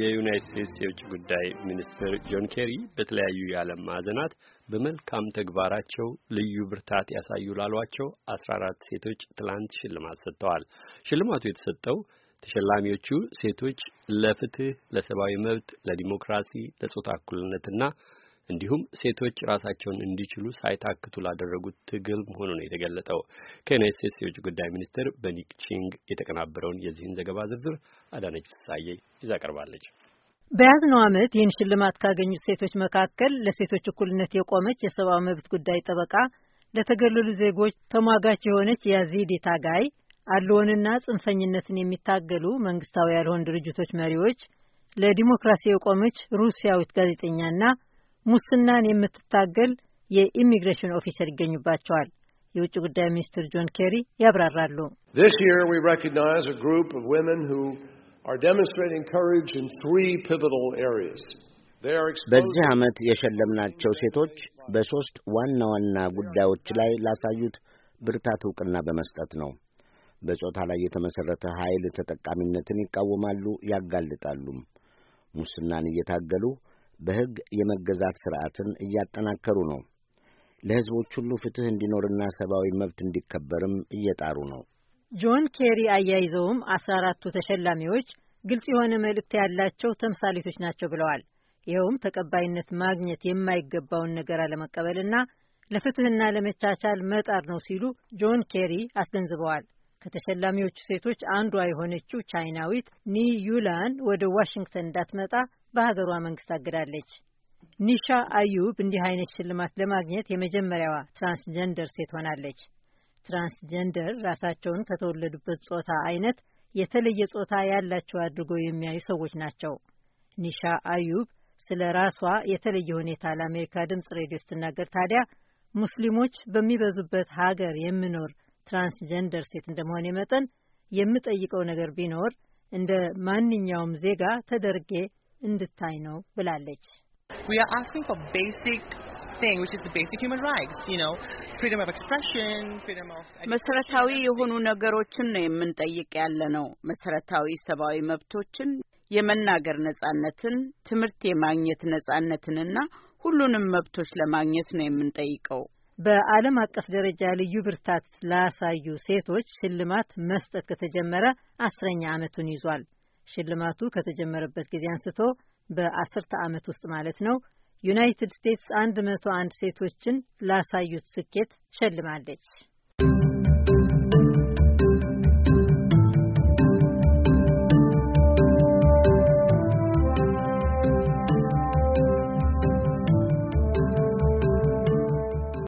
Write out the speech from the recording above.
የዩናይት ስቴትስ የውጭ ጉዳይ ሚኒስትር ጆን ኬሪ በተለያዩ የዓለም ማዕዘናት በመልካም ተግባራቸው ልዩ ብርታት ያሳዩ ላሏቸው አስራ አራት ሴቶች ትላንት ሽልማት ሰጥተዋል። ሽልማቱ የተሰጠው ተሸላሚዎቹ ሴቶች ለፍትህ፣ ለሰብአዊ መብት፣ ለዲሞክራሲ፣ ለጾታ እኩልነትና እንዲሁም ሴቶች ራሳቸውን እንዲችሉ ሳይታክቱ ላደረጉት ትግል መሆኑ ነው የተገለጠው። ከዩናይት ስቴትስ የውጭ ጉዳይ ሚኒስትር በኒክ ቺንግ የተቀናበረውን የዚህን ዘገባ ዝርዝር አዳነች ፍሳዬ ይዛ ቀርባለች። በያዝነው ዓመት ይህን ሽልማት ካገኙት ሴቶች መካከል ለሴቶች እኩልነት የቆመች የሰብአዊ መብት ጉዳይ ጠበቃ፣ ለተገለሉ ዜጎች ተሟጋች የሆነች የያዚዲ ታጋይ፣ አለወንና ጽንፈኝነትን የሚታገሉ መንግስታዊ ያልሆን ድርጅቶች መሪዎች፣ ለዲሞክራሲ የቆመች ሩሲያዊት ጋዜጠኛና ሙስናን የምትታገል የኢሚግሬሽን ኦፊሰር ይገኙባቸዋል። የውጭ ጉዳይ ሚኒስትር ጆን ኬሪ ያብራራሉ። በዚህ ዓመት የሸለምናቸው ሴቶች በሦስት ዋና ዋና ጉዳዮች ላይ ላሳዩት ብርታት ዕውቅና በመስጠት ነው። በጾታ ላይ የተመሠረተ ኃይል ተጠቃሚነትን ይቃወማሉ፣ ያጋልጣሉም። ሙስናን እየታገሉ በሕግ የመገዛት ሥርዓትን እያጠናከሩ ነው። ለሕዝቦች ሁሉ ፍትሕ እንዲኖርና ሰብአዊ መብት እንዲከበርም እየጣሩ ነው። ጆን ኬሪ አያይዘውም አስራ አራቱ ተሸላሚዎች ግልጽ የሆነ መልእክት ያላቸው ተምሳሌቶች ናቸው ብለዋል። ይኸውም ተቀባይነት ማግኘት የማይገባውን ነገር አለመቀበልና ለፍትሕና ለመቻቻል መጣር ነው ሲሉ ጆን ኬሪ አስገንዝበዋል። ከተሸላሚዎቹ ሴቶች አንዷ የሆነችው ቻይናዊት ኒዩላን ወደ ዋሽንግተን እንዳትመጣ በሀገሯ መንግስት አግዳለች። ኒሻ አዩብ እንዲህ አይነት ሽልማት ለማግኘት የመጀመሪያዋ ትራንስጀንደር ሴት ሆናለች። ትራንስጀንደር ራሳቸውን ከተወለዱበት ጾታ አይነት የተለየ ጾታ ያላቸው አድርገው የሚያዩ ሰዎች ናቸው። ኒሻ አዩብ ስለ ራሷ የተለየ ሁኔታ ለአሜሪካ ድምፅ ሬዲዮ ስትናገር ታዲያ ሙስሊሞች በሚበዙበት ሀገር የምኖር ትራንስጀንደር ሴት እንደመሆኔ መጠን የምጠይቀው ነገር ቢኖር እንደ ማንኛውም ዜጋ ተደርጌ እንድታይ ነው ብላለች። መሰረታዊ የሆኑ ነገሮችን ነው የምንጠይቅ ያለ ነው። መሰረታዊ ሰብአዊ መብቶችን፣ የመናገር ነጻነትን፣ ትምህርት የማግኘት ነጻነትንና ሁሉንም መብቶች ለማግኘት ነው የምንጠይቀው። በዓለም አቀፍ ደረጃ ልዩ ብርታት ላሳዩ ሴቶች ሽልማት መስጠት ከተጀመረ አስረኛ ዓመቱን ይዟል። ሽልማቱ ከተጀመረበት ጊዜ አንስቶ በአስርተ ዓመት ውስጥ ማለት ነው ዩናይትድ ስቴትስ አንድ መቶ አንድ ሴቶችን ላሳዩት ስኬት ሸልማለች።